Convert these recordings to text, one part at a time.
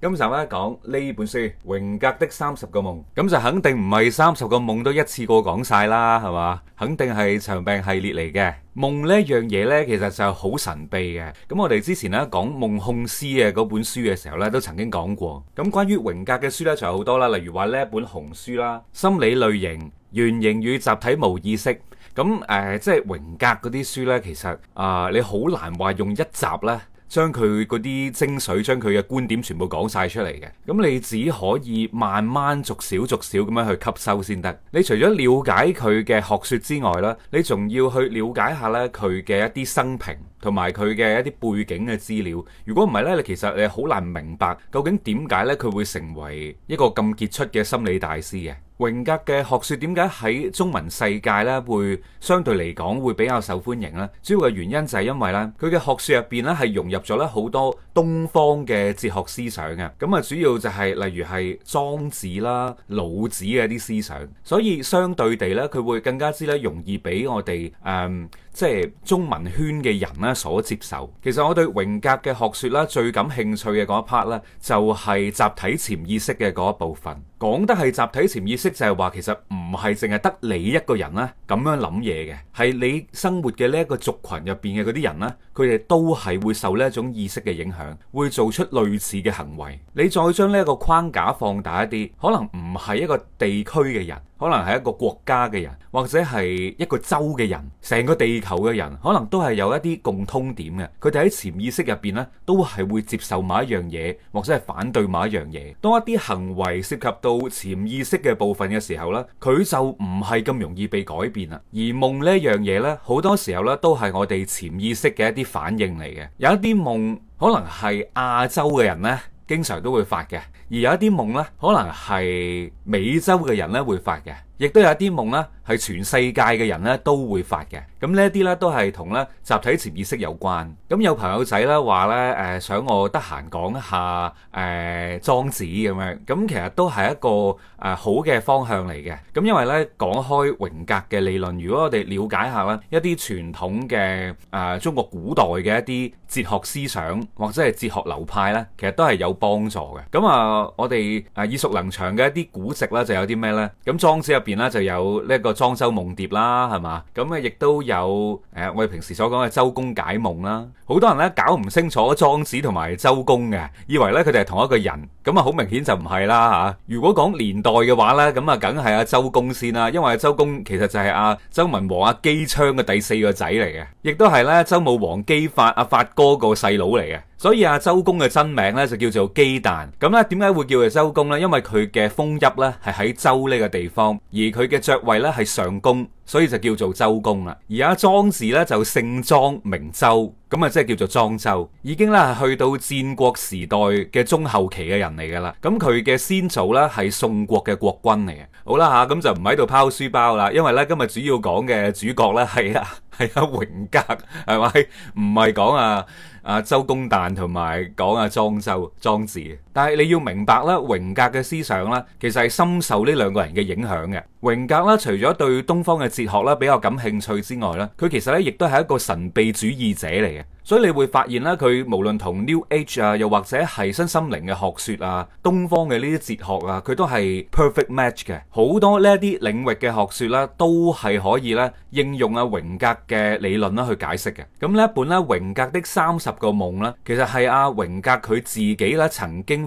今集咧講呢本書榮格的三十個夢，咁就肯定唔係三十個夢都一次過講晒啦，係嘛？肯定係長命系列嚟嘅夢呢樣嘢咧，其實就係好神秘嘅。咁我哋之前咧講夢控師嘅嗰本書嘅時候咧，都曾經講過。咁關於榮格嘅書咧，就有好多啦，例如話呢一本紅書啦，心理類型、原型與集體無意識。咁誒，即係榮格嗰啲書咧，其實啊，你好難話用一集咧。將佢嗰啲精髓，將佢嘅觀點全部講曬出嚟嘅。咁你只可以慢慢逐少逐少咁樣去吸收先得。你除咗了，了解佢嘅學說之外啦，你仲要去了解下咧佢嘅一啲生平同埋佢嘅一啲背景嘅資料。如果唔係咧，你其實你好難明白究竟點解咧佢會成為一個咁傑出嘅心理大師嘅。榮格嘅學説點解喺中文世界呢會相對嚟講會比較受歡迎呢？主要嘅原因就係因為呢，佢嘅學説入邊呢係融入咗咧好多東方嘅哲學思想嘅，咁啊主要就係、是、例如係莊子啦、老子嘅啲思想，所以相對地呢，佢會更加之咧容易俾我哋誒。嗯即係中文圈嘅人呢，所接受，其實我對榮格嘅學説啦最感興趣嘅嗰一 part 呢，就係集體潛意識嘅嗰一部分。講得係集體潛意識，就係話其實唔係淨係得你一個人啦，咁樣諗嘢嘅，係你生活嘅呢一個族群入邊嘅嗰啲人咧，佢哋都係會受呢一種意識嘅影響，會做出類似嘅行為。你再將呢一個框架放大一啲，可能唔係一個地區嘅人。可能係一個國家嘅人，或者係一個州嘅人，成個地球嘅人，可能都係有一啲共通點嘅。佢哋喺潛意識入邊呢，都係會接受某一樣嘢，或者係反對某一樣嘢。當一啲行為涉及到潛意識嘅部分嘅時候呢，佢就唔係咁容易被改變啦。而夢呢一樣嘢呢，好多時候呢，都係我哋潛意識嘅一啲反應嚟嘅。有一啲夢可能係亞洲嘅人呢。經常都會發嘅，而有一啲夢咧，可能係美洲嘅人咧會發嘅。亦都有一啲夢呢係全世界嘅人呢都會發嘅。咁呢一啲呢都係同呢集體潛意識有關。咁有朋友仔呢話呢，誒、呃、想我得閒講下誒莊、呃、子咁樣。咁其實都係一個誒、呃、好嘅方向嚟嘅。咁因為呢講開榮格嘅理論，如果我哋了解下啦，一啲傳統嘅誒、呃、中國古代嘅一啲哲學思想或者係哲學流派呢，其實都係有幫助嘅。咁、嗯、啊、呃，我哋耳熟能詳嘅一啲古籍呢，就有啲咩呢？咁莊子入邊啦就有呢一個莊周夢蝶啦，係嘛？咁啊，亦都有誒我哋平時所講嘅周公解夢啦。好多人咧搞唔清楚莊子同埋周公嘅，以為咧佢哋係同一個人，咁啊好明顯就唔係啦吓。如果講年代嘅話咧，咁啊梗係阿周公先啦，因為阿周公其實就係阿周文王阿姬昌嘅第四個仔嚟嘅，亦都係咧周武王姬發阿發哥個細佬嚟嘅。所以啊，周公嘅真名咧就叫做姬旦。咁咧，點解會叫做周公咧？因為佢嘅封邑咧係喺周呢個地方，而佢嘅爵位咧係上公，所以就叫做周公啦。而家莊子咧就姓莊名周，咁啊即係叫做莊周，已經咧係去到戰國時代嘅中後期嘅人嚟噶啦。咁佢嘅先祖咧係宋國嘅國君嚟嘅。好啦吓，咁就唔喺度拋書包啦，因為咧今日主要講嘅主角咧係啊係啊榮格，係咪？唔係講啊。阿、啊、周公旦同埋講阿莊周莊子。但係你要明白咧，榮格嘅思想咧，其實係深受呢兩個人嘅影響嘅。榮格咧，除咗對東方嘅哲學咧比較感興趣之外咧，佢其實咧亦都係一個神秘主義者嚟嘅。所以你會發現咧，佢無論同 New Age 啊，又或者係新心靈嘅學說啊，東方嘅呢啲哲學啊，佢都係 perfect match 嘅。好多呢一啲領域嘅學說啦，都係可以咧應用阿榮格嘅理論啦去解釋嘅。咁呢一本咧榮格的三十個夢咧，其實係阿榮格佢自己咧曾經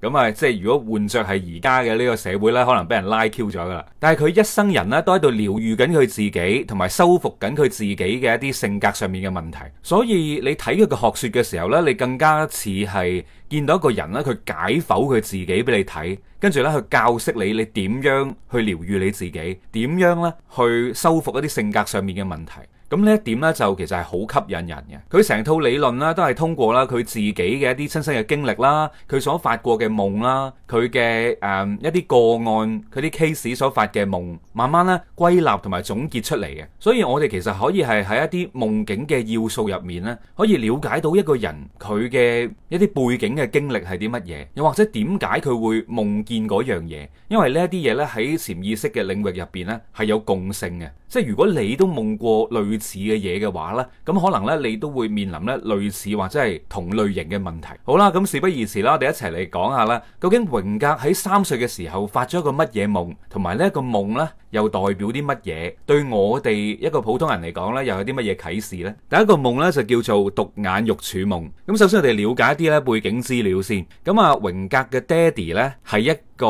咁啊，即係如果換着係而家嘅呢個社會呢，可能俾人拉 Q 咗噶啦。但係佢一生人呢，都喺度療愈緊佢自己，同埋修復緊佢自己嘅一啲性格上面嘅問題。所以你睇佢嘅學說嘅時候呢，你更加似係見到一個人呢，佢解剖佢自己俾你睇，跟住呢，去教識你，你點樣去療愈你自己，點樣呢去修復一啲性格上面嘅問題。咁呢一點呢，就其實係好吸引人嘅。佢成套理論啦，都係通過啦佢自己嘅一啲親身嘅經歷啦，佢所發過嘅夢啦，佢嘅誒一啲個案，佢啲 case 所發嘅夢，慢慢呢歸納同埋總結出嚟嘅。所以我哋其實可以係喺一啲夢境嘅要素入面呢，可以了解到一個人佢嘅一啲背景嘅經歷係啲乜嘢，又或者點解佢會夢見嗰樣嘢？因為呢一啲嘢呢，喺潛意識嘅領域入邊呢，係有共性嘅。即係如果你都夢過類似嘅嘢嘅話呢，咁可能呢，你都會面臨咧類似或者係同類型嘅問題。好啦，咁事不宜遲啦，我哋一齊嚟講下啦，究竟榮格喺三歲嘅時候發咗一個乜嘢夢，同埋呢一個夢咧又代表啲乜嘢？對我哋一個普通人嚟講呢又有啲乜嘢啟示呢？第一個夢呢，就叫做獨眼肉柱夢。咁首先我哋了解一啲咧背景資料先。咁啊，榮格嘅爹哋呢，係一。個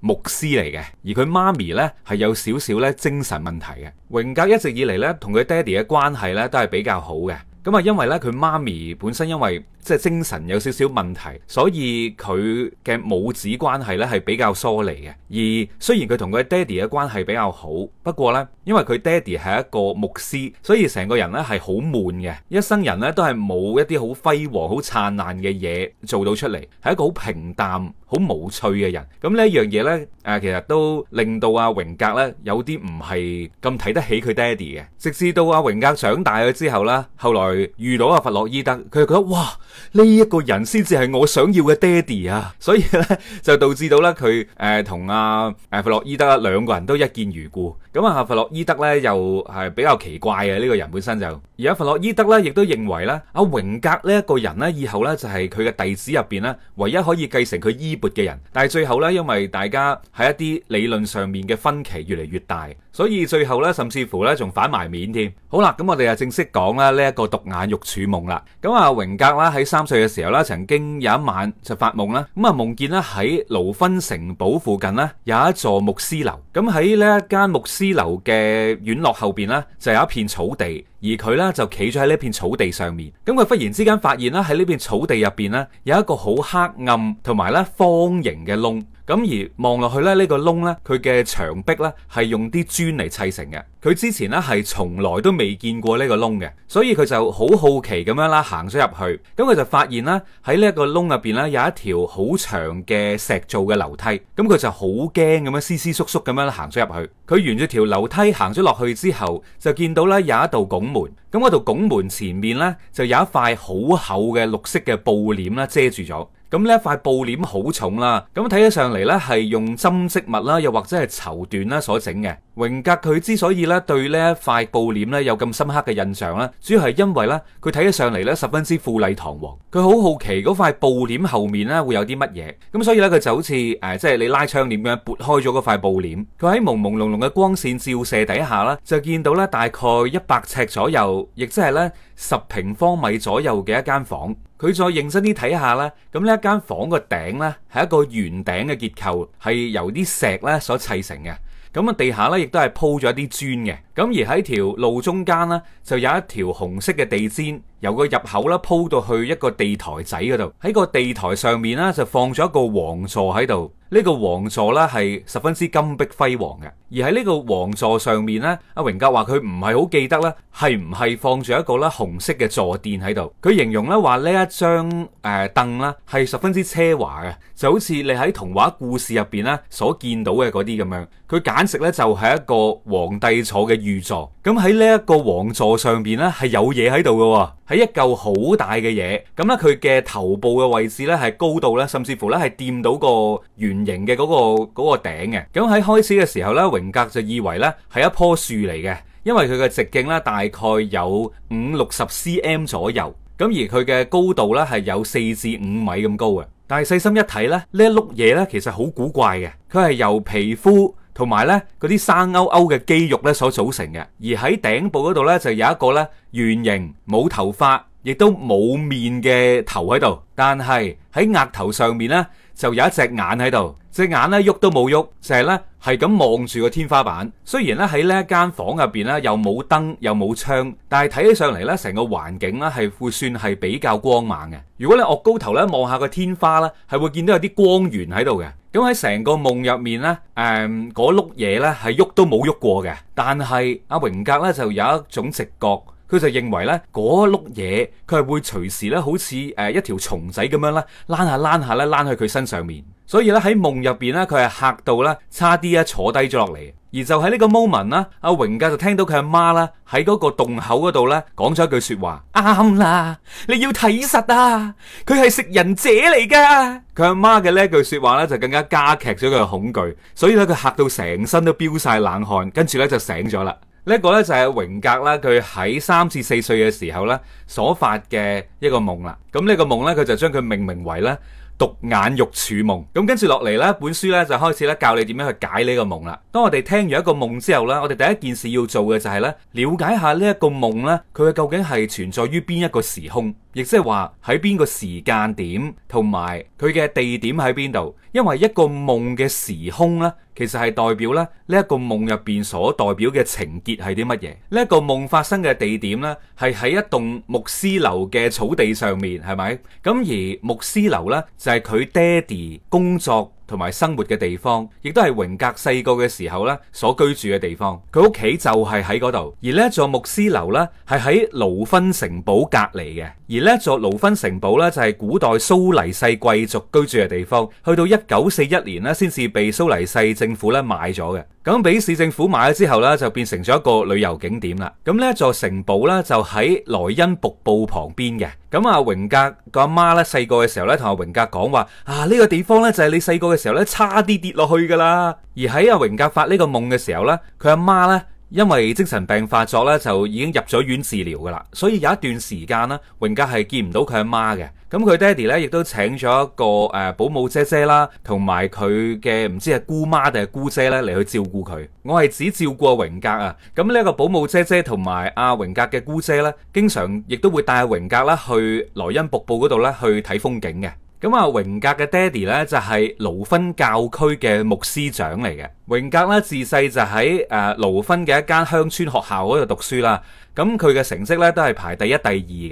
牧師嚟嘅，而佢媽咪呢係有少少呢精神問題嘅。榮格一直以嚟呢，同佢爹哋嘅關係呢都係比較好嘅。咁啊，因為呢，佢媽咪本身因為即係精神有少少問題，所以佢嘅母子關係呢係比較疏離嘅。而雖然佢同佢爹哋嘅關係比較好，不過呢，因為佢爹哋係一個牧師，所以成個人呢係好悶嘅，一生人呢都係冇一啲好輝煌、好燦爛嘅嘢做到出嚟，係一個好平淡，好無趣嘅人，咁呢一樣嘢呢，誒其實都令到阿榮格呢，有啲唔係咁睇得起佢爹哋嘅，直至到阿榮格長大咗之後呢，後來遇到阿弗洛伊德，佢就覺得哇，呢一個人先至係我想要嘅爹哋啊，所以呢，就導致到呢，佢誒同阿誒弗洛伊德兩個人都一見如故。咁啊，弗洛伊德呢，又係比較奇怪嘅呢個人本身就而家、啊、弗洛伊德呢，亦都認為呢，阿、啊、榮格呢一個人呢，以後呢，就係佢嘅弟子入邊呢，唯一可以繼承佢伊。潑嘅人，但係最後咧，因為大家喺一啲理論上面嘅分歧，越嚟越大，所以最後咧，甚至乎咧，仲反埋面添。好啦，咁我哋啊正式講啦呢一個獨眼肉柱夢啦。咁啊，榮格啦喺三歲嘅時候啦，曾經有一晚就發夢啦，咁啊夢見啦喺勞芬城堡附近咧有一座牧師樓，咁喺呢一間牧師樓嘅院落後邊咧就有一片草地。而佢咧就企咗喺呢片草地上面，咁佢忽然之間發現啦喺呢片草地入邊咧有一個好黑暗同埋咧方形嘅窿。咁而望落去咧，呢個窿呢，佢嘅牆壁呢係用啲磚嚟砌成嘅。佢之前呢係從來都未見過呢個窿嘅，所以佢就好好奇咁樣啦，行咗入去。咁佢就發現啦，喺呢一個窿入邊呢有一條好長嘅石造嘅樓梯。咁佢就好驚咁樣絲絲縮縮咁樣行咗入去。佢沿住條樓梯行咗落去之後，就見到呢有一道拱門。咁嗰道拱門前面呢，就有一塊好厚嘅綠色嘅布簾啦遮住咗。咁呢一塊布簾好重啦，咁睇起上嚟咧係用針織物啦，又或者係綢緞啦，所整嘅。榮格佢之所以咧對呢一塊布簾咧有咁深刻嘅印象咧，主要係因為咧佢睇起上嚟咧十分之富麗堂皇。佢好好奇嗰塊布簾後面咧會有啲乜嘢，咁所以咧佢就好似誒即係你拉窗簾咁樣，撥開咗嗰塊布簾。佢喺朦朦朧朧嘅光線照射底下啦，就見到咧大概一百尺左右，亦即係咧，十平方米左右嘅一間房，佢再認真啲睇下啦。咁呢一間房個頂呢，係一個圓頂嘅結構，係由啲石呢所砌成嘅。咁啊，地下呢，亦都係鋪咗啲磚嘅。咁而喺條路中間咧，就有一條紅色嘅地氈，由個入口啦鋪到去一個地台仔嗰度。喺個地台上面咧，就放咗一個皇座喺度。呢個皇座咧係十分之金碧輝煌嘅。而喺呢個皇座上面咧，阿榮格話佢唔係好記得咧，係唔係放住一個咧紅色嘅坐墊喺度。佢形容咧話呢一張誒凳啦係十分之奢華嘅，就好似你喺童話故事入邊咧所見到嘅嗰啲咁樣。佢簡直咧就係一個皇帝坐嘅。玉座，咁喺呢一個王座上邊呢，係有嘢喺度嘅喎，係一嚿好大嘅嘢，咁咧佢嘅頭部嘅位置呢，係高度呢，甚至乎呢係掂到個圓形嘅嗰、嗰個嗰、嗰個頂嘅。咁、嗯、喺開始嘅時候呢，榮格就以為呢係一棵樹嚟嘅，因為佢嘅直徑呢，大概有五六十 cm 左右，咁而佢嘅高度呢，係有四至五米咁高嘅。但係細心一睇呢，呢一碌嘢呢，其實好古怪嘅，佢係由皮膚。同埋咧，嗰啲生勾勾嘅肌肉咧所組成嘅，而喺頂部嗰度咧就有一個咧圓形冇頭髮，亦都冇面嘅頭喺度，但係喺額頭上面咧就有一隻眼喺度，隻眼咧喐都冇喐，就係咧係咁望住個天花板。雖然咧喺呢一間房入邊咧又冇燈又冇窗，但係睇起上嚟咧成個環境咧係會算係比較光猛嘅。如果你惡高頭咧望下個天花咧，係會見到有啲光源喺度嘅。咁喺成個夢入面呢，誒嗰碌嘢呢係喐都冇喐過嘅，但係阿榮格呢就有一種直覺，佢就認為呢嗰碌嘢佢係會隨時呢好似誒一條蟲仔咁樣呢攣下攣下呢，攣去佢身上面。所以咧喺夢入邊咧，佢係吓到咧，差啲啊坐低咗落嚟。而就喺呢個 moment 啦，阿榮格就聽到佢阿媽啦喺嗰個洞口嗰度咧講咗一句說話：啱啦， 你要睇實啊，佢係食人者嚟噶。佢阿媽嘅呢句說話咧，就更加加劇咗佢嘅恐懼。所以咧，佢吓到成身都飆晒冷汗，跟住咧就醒咗啦。呢一個咧就係榮格啦，佢喺三至四歲嘅時候咧所發嘅一個夢啦。咁呢個夢咧，佢就將佢命名為咧。獨眼肉柱夢，咁跟住落嚟呢本書呢，就開始咧教你點樣去解呢個夢啦。當我哋聽完一個夢之後呢，我哋第一件事要做嘅就係呢：了解下呢一個夢呢，佢究竟係存在於邊一個時空。亦即係話喺邊個時間點，同埋佢嘅地點喺邊度？因為一個夢嘅時空呢，其實係代表咧呢一個夢入邊所代表嘅情結係啲乜嘢？呢、這、一個夢發生嘅地點呢，係喺一棟牧師樓嘅草地上面，係咪？咁而牧師樓呢，就係佢爹哋工作，同埋生活嘅地方，亦都係榮格細個嘅時候呢，所居住嘅地方。佢屋企就係喺嗰度，而呢座牧師樓呢，係喺勞芬城堡隔籬嘅。而呢座勞芬城堡呢，就係古代蘇黎世貴族居住嘅地方。去到一九四一年呢，先至被蘇黎世政府呢買咗嘅。咁俾市政府買咗之後呢，就變成咗一個旅遊景點啦。咁呢座城堡呢，就喺萊茵瀑布旁邊嘅。咁阿、啊、榮格個阿媽咧，細個嘅時候咧，同阿榮格講話：啊，呢、這個地方咧，就係你細個嘅時候咧，差啲跌落去㗎喇。而喺阿榮格發呢個夢嘅時候咧，佢阿媽咧。因為精神病發作咧，就已經入咗院治療噶啦，所以有一段時間啦，榮格係見唔到佢阿媽嘅。咁佢爹哋咧，亦都請咗一個誒保姆姐姐啦，同埋佢嘅唔知係姑媽定係姑姐咧，嚟，去照顧佢。我係只照顧榮格啊。咁呢一個保姆姐姐同埋阿榮格嘅姑姐咧，經常亦都會帶阿榮格啦去萊茵瀑布嗰度咧去睇風景嘅。咁啊，榮格嘅爹哋咧就係勞芬教區嘅牧師長嚟嘅。榮格咧自細就喺誒勞芬嘅一間鄉村學校嗰度讀書啦。咁佢嘅成績咧都係排第一、第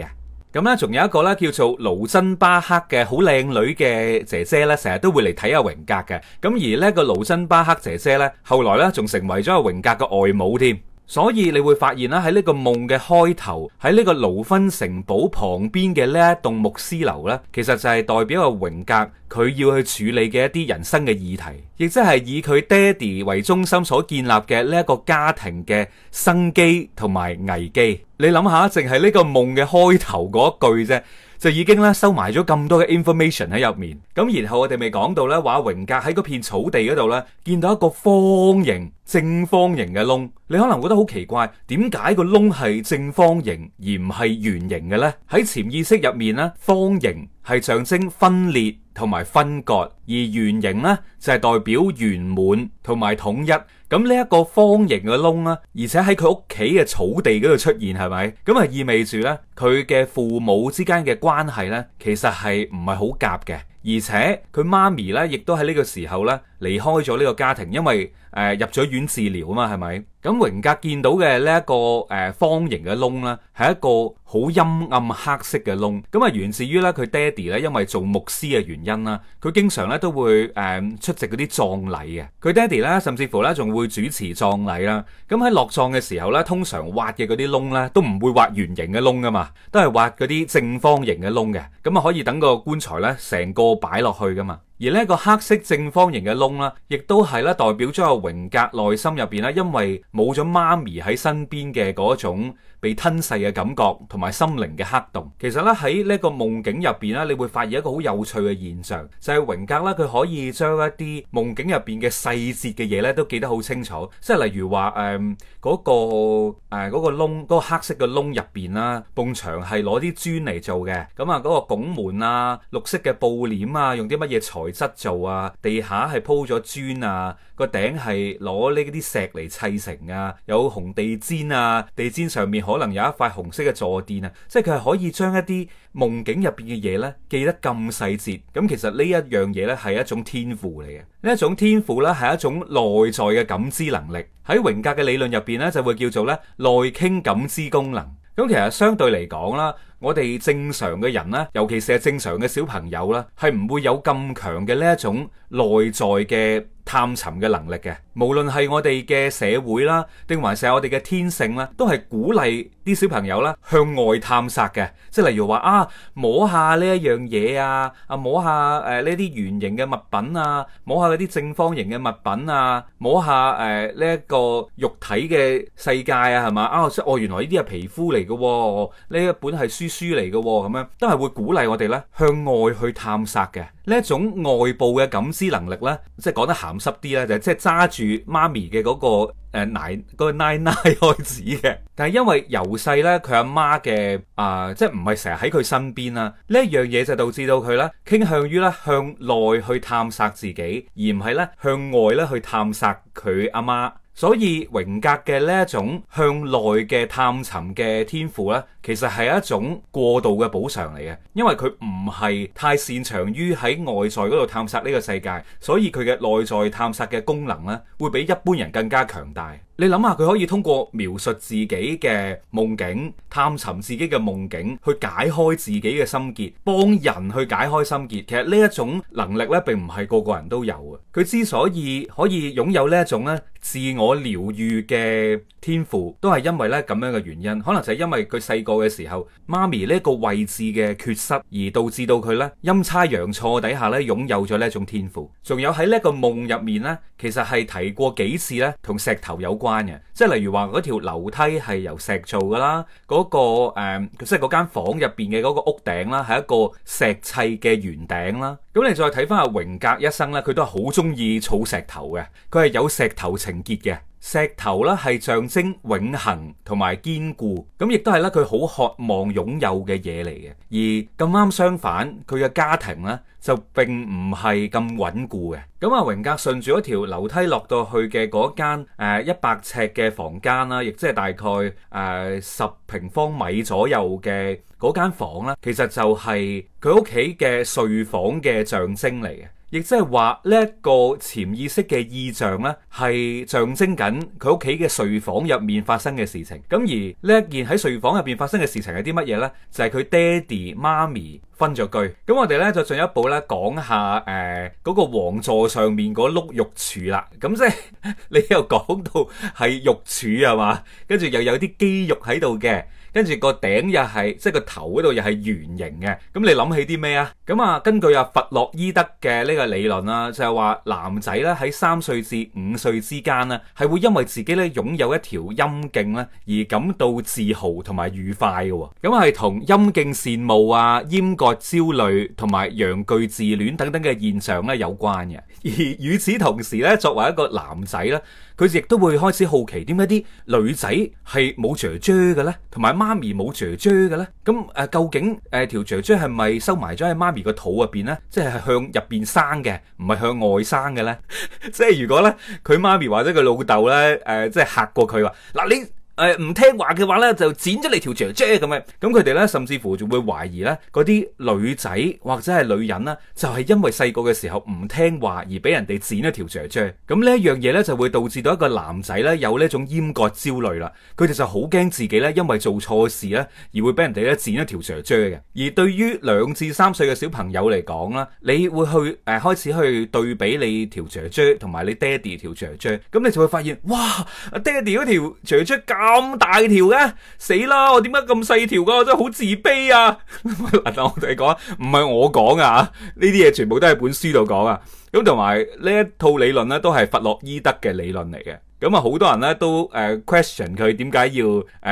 二嘅。咁咧仲有一個咧叫做勞珍巴克嘅好靚女嘅姐姐咧，成日都會嚟睇阿榮格嘅。咁而呢個勞珍巴克姐姐咧，後來咧仲成為咗阿榮格嘅外母添。所以你會發現啦，喺呢個夢嘅開頭，喺呢個勞芬城堡旁邊嘅呢一棟牧師樓呢，其實就係代表阿榮格佢要去處理嘅一啲人生嘅議題，亦即係以佢爹哋為中心所建立嘅呢一個家庭嘅生機同埋危機。你諗下，淨係呢個夢嘅開頭嗰一句啫。就已經咧收埋咗咁多嘅 information 喺入面，咁然後我哋咪講到咧，話榮格喺嗰片草地嗰度咧見到一個方形正方形嘅窿，你可能覺得好奇怪，點解個窿係正方形而唔係圓形嘅呢？喺潛意識入面咧，方形係象徵分裂同埋分割，而圓形呢就係代表圓滿同埋統一。咁呢一個方形嘅窿啦，而且喺佢屋企嘅草地嗰度出現，係咪？咁啊意味住咧，佢嘅父母之間嘅關係咧，其實係唔係好夾嘅，而且佢媽咪咧，亦都喺呢個時候咧離開咗呢個家庭，因為。誒入咗院治療啊嘛，係咪？咁榮格見到嘅、這個呃、呢一個誒方形嘅窿咧，係一個好陰暗黑色嘅窿。咁啊，源自於咧佢爹哋咧，因為做牧師嘅原因啦，佢經常咧都會誒、呃、出席嗰啲葬禮嘅。佢爹哋咧，甚至乎咧仲會主持葬禮啦。咁喺落葬嘅時候咧，通常挖嘅嗰啲窿咧，都唔會挖圓形嘅窿噶嘛，都係挖嗰啲正方形嘅窿嘅。咁啊，可以等個棺材咧成個擺落去噶嘛。而呢個黑色正方形嘅窿啦，亦都係咧代表咗阿榮格內心入邊咧，因為冇咗媽咪喺身邊嘅嗰種，被吞噬嘅感覺同埋心靈嘅黑洞，其實咧喺呢一個夢境入邊咧，你會發現一個好有趣嘅現象，就係榮格啦，佢可以將一啲夢境入邊嘅細節嘅嘢咧，都記得好清楚，即係例如話誒嗰個誒嗰個窿，嗰個，呃，嗰個黑色嘅窿入邊啦，墻係攞啲磚嚟做嘅，咁啊嗰個拱門啊，綠色嘅布簾啊，用啲乜嘢材質做啊，地下係鋪咗磚啊，個頂係攞呢啲石嚟砌成啊，有紅地氈啊，地氈上面。可能有一塊紅色嘅坐墊啊，即係佢係可以將一啲夢境入邊嘅嘢咧記得咁細節，咁其實呢一樣嘢咧係一種天賦嚟嘅，呢一種天賦咧係一種內在嘅感知能力，喺榮格嘅理論入邊咧就會叫做咧內傾感知功能，咁其實相對嚟講啦。我哋正常嘅人咧，尤其是係正常嘅小朋友啦，係唔會有咁強嘅呢一種內在嘅探尋嘅能力嘅。無論係我哋嘅社會啦，定還是係我哋嘅天性啦，都係鼓勵啲小朋友啦向外探索嘅。即係例如話啊，摸下呢一樣嘢啊，啊摸下誒呢啲圓形嘅物品啊，摸下嗰啲正方形嘅物品啊，摸下誒呢一個肉體嘅世界啊，係嘛啊即係哦原來呢啲係皮膚嚟嘅，呢一本係書。書嚟嘅，咁樣都係會鼓勵我哋咧向外去探索嘅呢一種外部嘅感知能力咧，即係講得鹹濕啲咧，就即係揸住媽咪嘅嗰個誒奶，呃嗰個奶奶開始嘅。但係因為由細咧佢阿媽嘅啊，即係唔係成日喺佢身邊啊，呢一樣嘢就導致到佢咧傾向於咧向內去探索自己，而唔係咧向外咧去探索佢阿媽。所以榮格嘅呢一種向內嘅探尋嘅天賦呢，其實係一種過度嘅補償嚟嘅，因為佢唔係太擅長於喺外在嗰度探索呢個世界，所以佢嘅內在探索嘅功能呢，會比一般人更加強大。你諗下，佢可以通過描述自己嘅夢境、探尋自己嘅夢境，去解開自己嘅心結，幫人去解開心結。其實呢一種能力咧，並唔係個個人都有嘅。佢之所以可以擁有呢一種咧自我療癒嘅天賦，都係因為咧咁樣嘅原因。可能就係因為佢細個嘅時候，媽咪呢一個位置嘅缺失，而導致到佢咧陰差陽錯底下咧擁有咗呢一種天賦。仲有喺呢一個夢入面咧，其實係提過幾次咧，同石頭有關。關嘅，即係例如話嗰條樓梯係由石做噶啦，嗰、那個誒、呃，即係嗰間房入邊嘅嗰個屋頂啦，係一個石砌嘅圓頂啦。咁你再睇翻阿榮格一生咧，佢都係好中意儲石頭嘅，佢係有石頭情結嘅。石頭咧，係象徵永恒同埋堅固，咁亦都係咧佢好渴望擁有嘅嘢嚟嘅。而咁啱相反，佢嘅家庭咧就並唔係咁穩固嘅。咁啊，榮格順住一條樓梯落到去嘅嗰間誒一百尺嘅房間啦，亦即係大概誒十平方米左右嘅嗰間房啦，其實就係佢屋企嘅睡房嘅象徵嚟嘅。亦即係話呢一個潛意識嘅意象呢，係象徵緊佢屋企嘅睡房入面發生嘅事情。咁而呢一件喺睡房入邊發生嘅事情係啲乜嘢呢？就係佢爹哋媽咪分咗居。咁我哋呢，就進一步呢講下誒嗰、呃嗰個皇座上面嗰碌肉柱啦。咁即係你又講到係肉柱係嘛，跟住又有啲肌肉喺度嘅。跟住個頂又係，即係個頭嗰度又係圓形嘅。咁你諗起啲咩啊？咁啊，根據阿弗洛伊德嘅呢個理論啦，就係話男仔咧喺三歲至五歲之間咧，係會因為自己咧擁有一條陰莖咧而感到自豪同埋愉快嘅。咁係同陰莖羨慕啊、閹割焦慮同埋陽具自戀等等嘅現象咧有關嘅。而與此同時咧，作為一個男仔咧。佢亦都會開始好奇點解啲女仔係冇姐姐嘅咧，同埋媽咪冇姐姐嘅咧？咁誒，啊，究竟誒條姐姐係咪收埋咗喺媽咪個肚入邊咧？即係向入邊生嘅，唔係向外生嘅咧？ 即係如果咧，佢媽咪或者佢老豆咧誒，即係嚇過佢話嗱，你。誒，唔聽話嘅話咧，就剪咗你條雀雀咁嘅。咁佢哋咧，甚至乎仲會懷疑咧，嗰啲女仔或者係女人呢，就係因為細個嘅時候唔聽話而俾人哋剪一條雀雀。咁呢一樣嘢咧，就會導致到一個男仔咧，有呢種閹割焦慮啦。佢哋就好驚自己咧，因為做錯事啦，而會俾人哋咧剪一條雀雀嘅。而對於兩至三歲嘅小朋友嚟講啦，你會去誒、呃、開始去對比你條雀雀同埋你爹哋條雀雀，咁你就會發現，哇，爹哋嗰條雀雀咁大條嘅？死啦！我點解咁細條㗎？我真係好自卑啊！嗱， 我哋講唔係我講啊，呢啲嘢全部都係本書度講啊。咁同埋呢一套理論咧，都係弗洛伊德嘅理論嚟嘅。咁啊，好多人咧都誒 question 佢點解要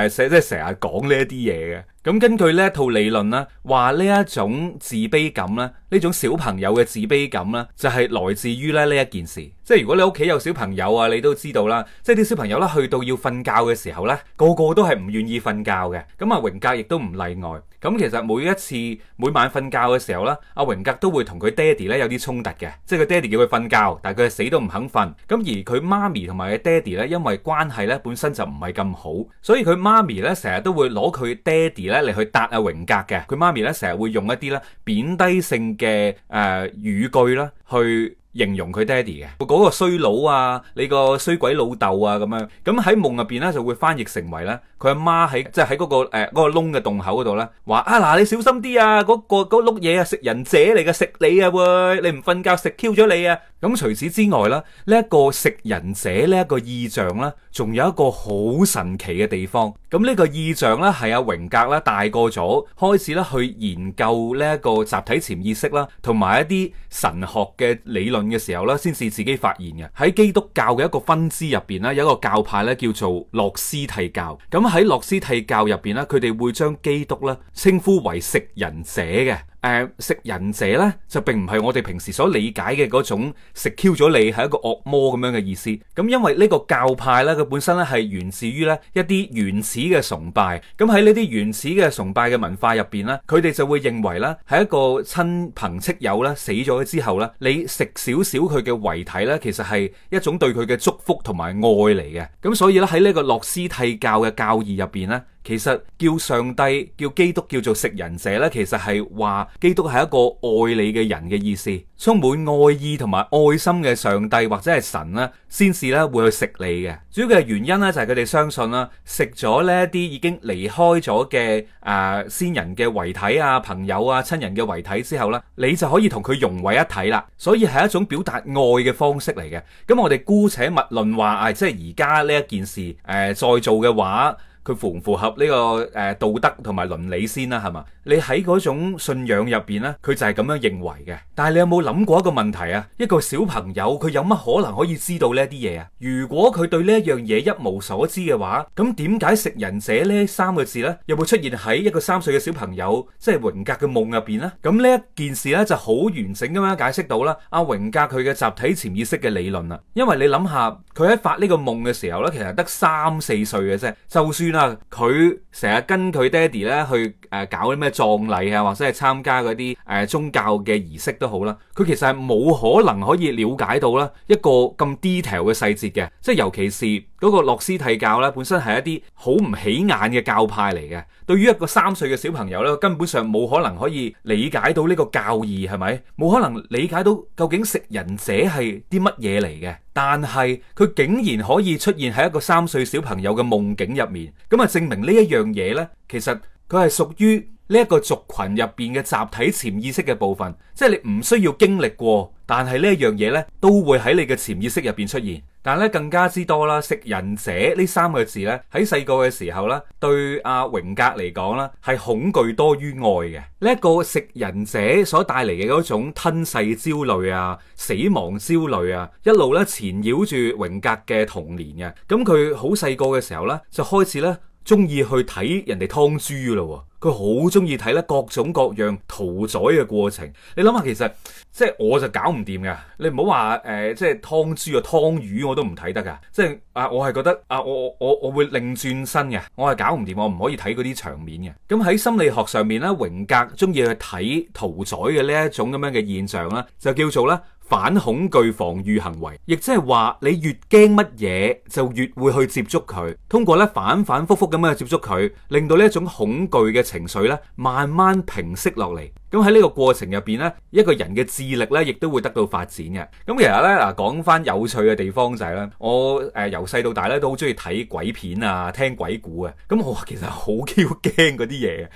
誒寫即係成日講呢一啲嘢嘅。咁根據呢一套理論啦，話呢一種自卑感咧，呢種小朋友嘅自卑感咧，就係來自於咧呢一件事。即係如果你屋企有小朋友啊，你都知道啦。即係啲小朋友咧去到要瞓覺嘅時候咧，個個都係唔願意瞓覺嘅。咁啊，榮格亦都唔例外。咁其實每一次每晚瞓覺嘅時候咧，阿榮格都會同佢爹哋咧有啲衝突嘅。即係佢爹哋叫佢瞓覺，但係佢係死都唔肯瞓。咁而佢媽咪同埋佢爹哋咧，因為關係咧本身就唔係咁好，所以佢媽咪咧成日都會攞佢爹哋咧嚟去搭阿榮格嘅，佢媽咪咧成日會用一啲咧貶低性嘅誒語句啦，去形容佢爹哋嘅，嗰個衰佬啊，你個衰鬼老豆啊咁樣，咁喺夢入邊咧就會翻譯成為咧，佢阿媽喺即係喺嗰個誒嗰個窿嘅洞口嗰度咧，話啊嗱你小心啲啊，嗰個嗰碌嘢啊食人者嚟嘅，食你啊喂，你唔瞓覺食 Q 咗你啊！咁除此之外啦，呢一個食人者呢一個意象啦，仲有一個好神奇嘅地方。咁呢個意象咧，係阿榮格啦大個咗開始咧去研究呢一個集體潛意識啦，同埋一啲神學嘅理論嘅時候咧，先至自己發現嘅。喺基督教嘅一個分支入邊咧，有一個教派咧叫做諾斯替教。咁喺諾斯替教入邊咧，佢哋會將基督咧稱呼為食人者嘅。誒、呃、食人者呢，就並唔係我哋平時所理解嘅嗰種食 Q 咗你係一個惡魔咁樣嘅意思。咁因為呢個教派呢，佢本身咧係源自於咧一啲原始嘅崇拜。咁喺呢啲原始嘅崇拜嘅文化入邊呢，佢哋就會認為呢係一個親朋戚友咧死咗之後呢，你食少少佢嘅遺體呢，其實係一種對佢嘅祝福同埋愛嚟嘅。咁所以咧喺呢個諾斯替教嘅教義入邊呢，其實叫上帝、叫基督叫做食人者咧，其實係話基督係一個愛你嘅人嘅意思，充滿愛意同埋愛心嘅上帝或者係神咧，先至咧會去食你嘅。主要嘅原因咧就係佢哋相信啦，食咗呢一啲已經離開咗嘅誒先人嘅遺體啊、朋友啊、親人嘅遺體之後咧，你就可以同佢融為一體啦。所以係一種表達愛嘅方式嚟嘅。咁我哋姑且勿論話啊，即係而家呢一件事誒再做嘅話。佢符唔符合呢個誒道德同埋倫理先啦，係嘛？你喺嗰種信仰入邊咧，佢就係咁樣認為嘅。但係你有冇諗過一個問題啊？一個小朋友佢有乜可能可以知道呢一啲嘢啊？如果佢對呢一樣嘢一無所知嘅話，咁點解食人者呢三個字咧，又會出現喺一個三歲嘅小朋友即係榮格嘅夢入邊咧？咁呢一件事咧就好完整咁樣解釋到啦。阿榮格佢嘅集體潛意識嘅理論啦，因為你諗下佢喺發呢個夢嘅時候咧，其實得三四歲嘅啫，就算，佢成日跟佢爹哋咧去誒搞啲咩葬禮啊，或者係參加嗰啲誒宗教嘅儀式都好啦。佢其實，係冇可能可以了解到咧一個咁 detail 嘅細節嘅，即係尤其是。嗰個洛斯蒂教啦，本身係一啲好唔起眼嘅教派嚟嘅。對於一個三歲嘅小朋友咧，根本上冇可能可以理解到呢個教義係咪？冇可能理解到究竟食人者係啲乜嘢嚟嘅。但係佢竟然可以出現喺一個三歲小朋友嘅夢境入面，咁啊證明呢一樣嘢呢，其實佢係屬於。呢一個族群入邊嘅集體潛意識嘅部分，即係你唔需要經歷過，但係呢一樣嘢呢，都會喺你嘅潛意識入邊出現。但係咧更加之多啦，食人者呢三個字呢，喺細個嘅時候呢，對阿、啊、榮格嚟講啦，係恐懼多於愛嘅。呢、這、一個食人者所帶嚟嘅嗰種吞噬焦慮啊、死亡焦慮啊，一路呢纏繞住榮格嘅童年嘅、啊。咁佢好細個嘅時候呢，就開始呢。中意去睇人哋劏豬㗎啦，佢好中意睇咧各種各樣屠宰嘅過程。你諗下，其實即係我就搞唔掂㗎。你唔好話誒，即係劏豬啊，劏魚我都唔睇得㗎。即係啊，我係覺得啊，我我我我會擰轉身嘅，我係搞唔掂，我唔可以睇嗰啲場面嘅。咁喺心理學上面咧，榮格中意去睇屠宰嘅呢一種咁樣嘅現象啦，就叫做咧。反恐懼防禦行為，亦即係話你越驚乜嘢，就越會去接觸佢。通過咧反反覆覆噉樣接觸佢，令到呢一種恐懼嘅情緒咧，慢慢平息落嚟。咁喺呢個過程入邊呢，一個人嘅智力呢亦都會得到發展嘅。咁其實呢，嗱講翻有趣嘅地方就係咧，我誒由細到大呢，都好中意睇鬼片啊，聽鬼故啊。咁我其實好嬌驚嗰啲嘢嘅。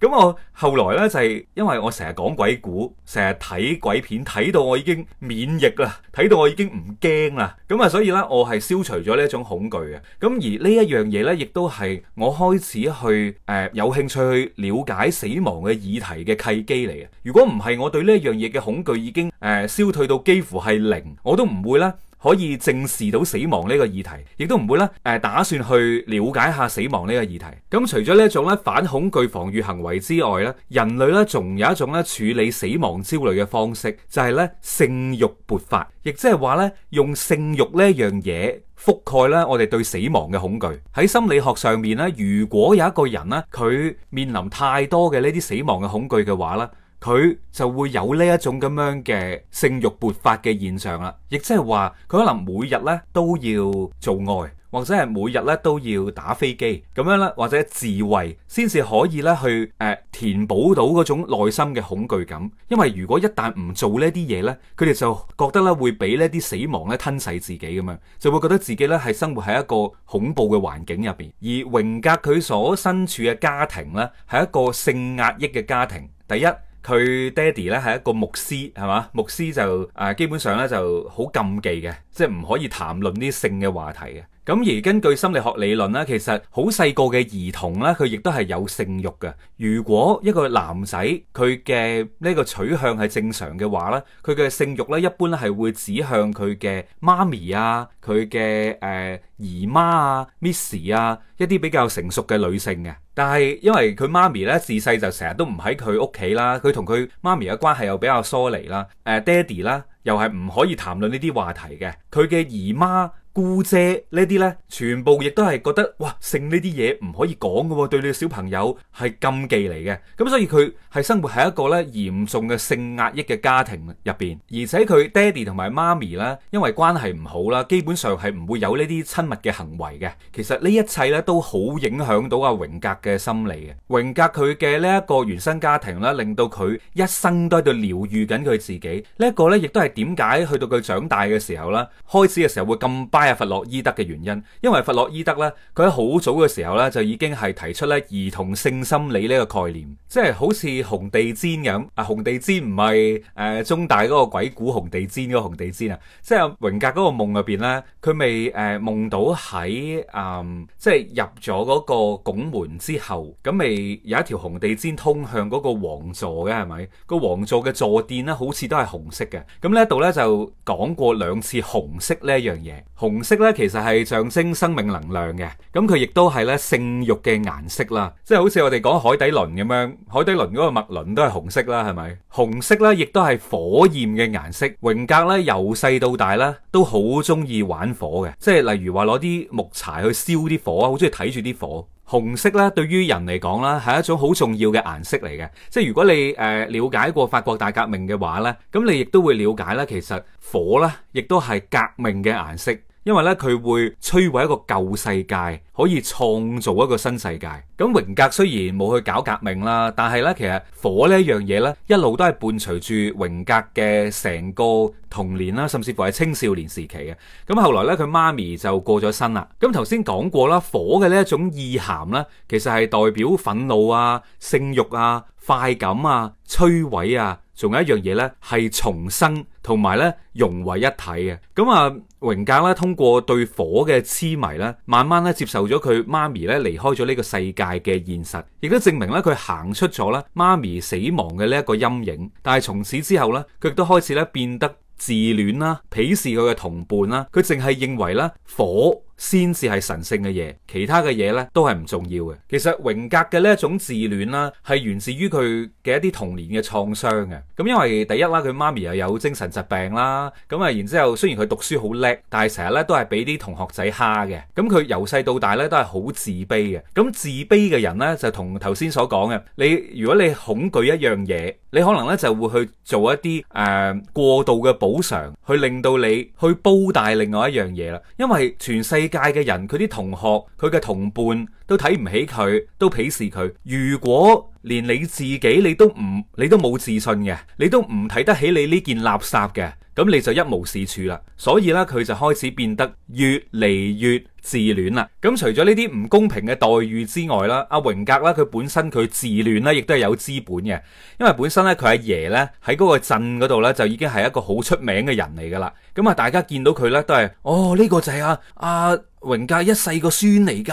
咁我後來呢，就係因為我成日講鬼故，成日睇鬼片，睇到我已經免疫啦，睇到我已經唔驚啦。咁啊，所以呢，我係消除咗呢一種恐懼嘅。咁而呢一樣嘢呢，亦都係我開始去誒有興趣去了解死亡嘅議題嘅契機。如果唔係我對呢一樣嘢嘅恐懼已經誒、呃、消退到幾乎係零，我都唔會咧可以正視到死亡呢個議題，亦都唔會咧誒、呃、打算去了解下死亡呢個議題。咁、嗯、除咗呢一種咧反恐懼防御行為之外咧，人類咧仲有一種咧處理死亡焦慮嘅方式，就係、是、咧性慾勃發，亦即係話咧用性慾呢一樣嘢。覆蓋咧，我哋對死亡嘅恐懼。喺心理學上面咧，如果有一個人咧，佢面臨太多嘅呢啲死亡嘅恐懼嘅話咧，佢就會有呢一種咁樣嘅性慾勃發嘅現象啦，亦即係話佢可能每日咧都要做愛。或者係每日咧都要打飛機咁樣咧，或者自慰，先至可以咧去誒填補到嗰種內心嘅恐懼感。因為如果一旦唔做呢一啲嘢咧，佢哋就覺得咧會俾呢啲死亡咧吞噬自己咁樣，就會覺得自己咧係生活喺一個恐怖嘅環境入邊。而榮格佢所身處嘅家庭咧係一個性壓抑嘅家庭。第一，佢爹哋咧係一個牧師，係嘛？牧師就誒基本上咧就好禁忌嘅，即係唔可以談論啲性嘅話題嘅。咁而根據心理學理論咧，其實好細個嘅兒童咧，佢亦都係有性慾嘅。如果一個男仔，佢嘅呢個取向係正常嘅話咧，佢嘅性慾咧一般咧係會指向佢嘅媽咪啊，佢嘅誒姨媽啊，Miss 啊一啲比較成熟嘅女性嘅。但係因為佢媽咪咧自細就成日都唔喺佢屋企啦，佢同佢媽咪嘅關係又比較疏離啦，誒、呃、爹哋啦又係唔可以談論呢啲話題嘅，佢嘅姨媽、姑姐呢啲呢，全部亦都係覺得哇，性呢啲嘢唔可以講嘅喎，對你嘅小朋友係禁忌嚟嘅。咁所以佢係生活喺一個呢嚴重嘅性壓抑嘅家庭入邊，而且佢爹哋同埋媽咪呢，因為關係唔好啦，基本上係唔會有呢啲親密嘅行為嘅。其實呢一切呢都好影響到阿榮格嘅心理嘅。榮格佢嘅呢一個原生家庭呢，令到佢一生都喺度療愈緊佢自己。呢一個呢亦都係點解去到佢長大嘅時候呢，開始嘅時候會咁 by。係、哎、佛洛伊德嘅原因，因為佛洛伊德咧，佢喺好早嘅時候咧，就已經係提出咧兒童性心理呢個概念，即係好似紅地氈咁。啊，紅地氈唔係誒中大嗰個鬼故紅地氈嗰個紅地氈啊，即係榮格嗰個夢入邊咧，佢未誒夢到喺誒、呃，即係入咗嗰個拱門之後，咁未有一條紅地氈通向嗰個王座嘅係咪？嗰個王座嘅座墊咧，好似都係紅色嘅。咁呢度咧就講過兩次紅色呢一樣嘢，紅。紅色咧，其實係象徵生命能量嘅，咁佢亦都係咧性慾嘅顏色啦，即係好似我哋講海底輪咁樣，海底輪嗰個脈輪都係紅色啦，係咪？紅色咧，亦都係火焰嘅顏色。榮格咧，由細到大咧，都好中意玩火嘅，即係例如話攞啲木柴去燒啲火，好中意睇住啲火。紅色咧，對於人嚟講啦，係一種好重要嘅顏色嚟嘅，即係如果你誒、呃、了解過法國大革命嘅話咧，咁你亦都會了解啦，其實火咧，亦都係革命嘅顏色。因為咧，佢會摧毀一個舊世界，可以創造一個新世界。咁榮格雖然冇去搞革命啦，但係咧，其實火呢一樣嘢咧，一路都係伴隨住榮格嘅成個童年啦，甚至乎係青少年時期嘅。咁後來咧，佢媽咪就過咗身啦。咁頭先講過啦，火嘅呢一種意涵咧，其實係代表憤怒啊、性慾啊、快感啊、摧毀啊。仲有一樣嘢呢，係重生同埋呢融為一體嘅。咁啊，榮格呢，通過對火嘅癡迷呢，慢慢呢接受咗佢媽咪呢離開咗呢個世界嘅現實，亦都證明呢佢行出咗呢媽咪死亡嘅呢一個陰影。但係從此之後呢，佢亦都開始呢變得自戀啦，鄙視佢嘅同伴啦，佢淨係認為呢火先至係神聖嘅嘢，其他嘅嘢呢都係唔重要嘅。其實榮格嘅呢一種自戀啦，係源自於佢嘅一啲童年嘅創傷嘅。咁因為第一啦，佢媽咪又有精神疾病啦，咁啊然之後雖然佢讀書好叻，但係成日呢都係俾啲同學仔蝦嘅。咁佢由細到大呢都係好自卑嘅。咁自卑嘅人呢，就同頭先所講嘅，你如果你恐懼一樣嘢，你可能呢就會去做一啲誒、呃、過度嘅補償，去令到你去煲大另外一樣嘢啦。因為全世。世界嘅人，佢啲同學，佢嘅同伴都睇唔起佢，都鄙視佢。如果連你自己你，你都唔，你都冇自信嘅，你都唔睇得起你呢件垃圾嘅。咁你就一無是處啦，所以咧佢就開始變得越嚟越自戀啦。咁除咗呢啲唔公平嘅待遇之外啦，阿、啊、榮格啦，佢本身佢自戀啦，亦都係有資本嘅，因為本身咧佢阿爺咧喺嗰個鎮嗰度咧就已經係一個好出名嘅人嚟噶啦。咁啊，大家見到佢咧都係哦，呢、呢個就係阿阿榮格一世個孫嚟噶，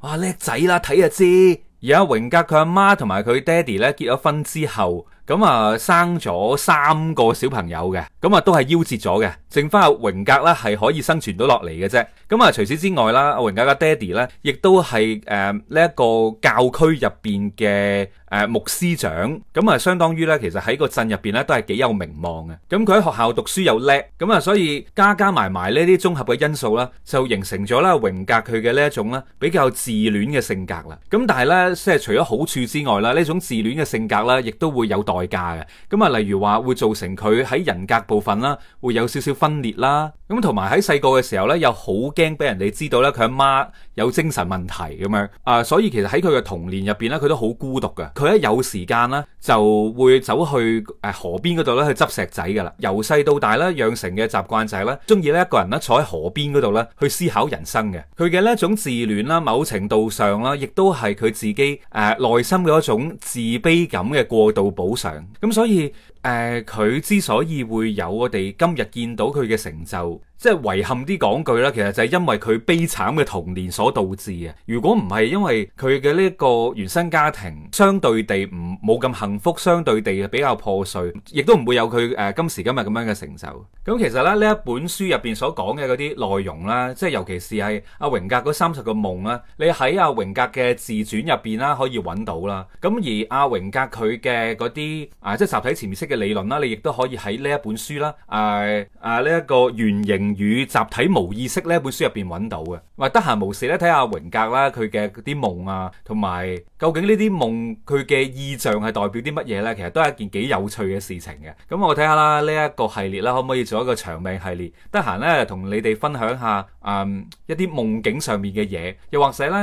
哇啊叻仔啦，睇就知。而阿榮格佢阿媽同埋佢爹哋咧結咗婚之後。咁啊，生咗三個小朋友嘅，咁啊都係夭折咗嘅，剩翻阿榮格咧，係可以生存到落嚟嘅啫。咁啊，除此之外啦，阿榮格嘅爹哋咧，亦都係誒呢一個教區入邊嘅誒牧師長，咁啊，相當於咧，其實喺個鎮入邊咧都係幾有名望嘅。咁佢喺學校讀書又叻，咁啊，所以加加埋埋呢啲綜合嘅因素啦，就形成咗啦榮格佢嘅呢一種咧比較自戀嘅性格啦。咁但係咧，即係除咗好處之外啦，呢種自戀嘅性格咧，亦都會有代加嘅咁啊，例如話會造成佢喺人格部分啦，會有少少分裂啦。咁同埋喺細個嘅時候咧，又好驚俾人哋知道咧，佢阿媽有精神問題咁樣啊。所以其實喺佢嘅童年入邊咧，佢都好孤獨嘅。佢一有時間啦，就會走去誒河邊嗰度咧去執石仔噶啦。由細到大咧養成嘅習慣就係咧，中意咧一個人咧坐喺河邊嗰度咧去思考人生嘅。佢嘅呢一種自戀啦，某程度上啦，亦都係佢自己誒內、呃、心嘅一種自卑感嘅過度補。咁所以，誒、呃、佢之所以會有我哋今日見到佢嘅成就。即係遺憾啲講句啦，其實就係因為佢悲慘嘅童年所導致嘅。如果唔係因為佢嘅呢一個原生家庭相對地唔冇咁幸福，相對地比較破碎，亦都唔會有佢誒、呃、今時今日咁樣嘅成就。咁其實咧，呢一本書入邊所講嘅嗰啲內容啦，即係尤其是係、啊、阿榮格嗰三十個夢啦，你喺阿、啊、榮格嘅自傳入邊啦，可以揾到啦。咁而阿、啊、榮格佢嘅嗰啲啊，即、就、係、是、集體潛意識嘅理論啦，你亦都可以喺呢一本書啦，誒誒呢一個原型，與集體無意識呢本書入邊揾到嘅，咁啊得閒無事咧睇下榮格啦，佢嘅嗰啲夢啊，同埋究竟呢啲夢佢嘅意象係代表啲乜嘢咧？其實都係一件幾有趣嘅事情嘅。咁我睇下啦，呢一個系列啦，可唔可以做一個長命系列？得閒咧同你哋分享下，嗯，一啲夢境上面嘅嘢，又或者咧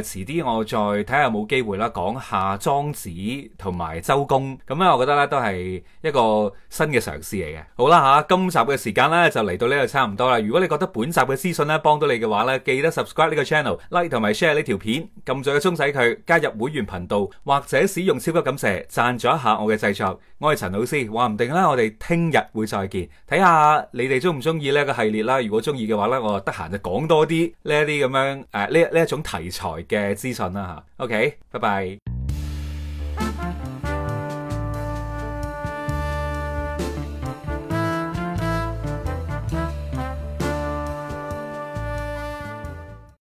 誒，遲啲我再睇下有冇機會啦，講下莊子同埋周公。咁咧，我覺得咧都係一個新嘅嘗試嚟嘅。好啦吓，今集嘅時間咧就嚟到呢度差唔多啦，如果你覺得本集嘅資訊咧幫到你嘅話咧，記得 subscribe 呢個 channel，like 同埋 share 呢條片，撳住個鐘仔佢，加入會員頻道，或者使用超級感謝，贊助一下我嘅製作。我係陳老 C，話唔定咧，我哋聽日會再見，睇下你哋中唔中意呢個系列啦。如果中意嘅話咧，我得閒就講多啲呢一啲咁樣誒，呢呢一種題材嘅資訊啦吓。OK，拜拜。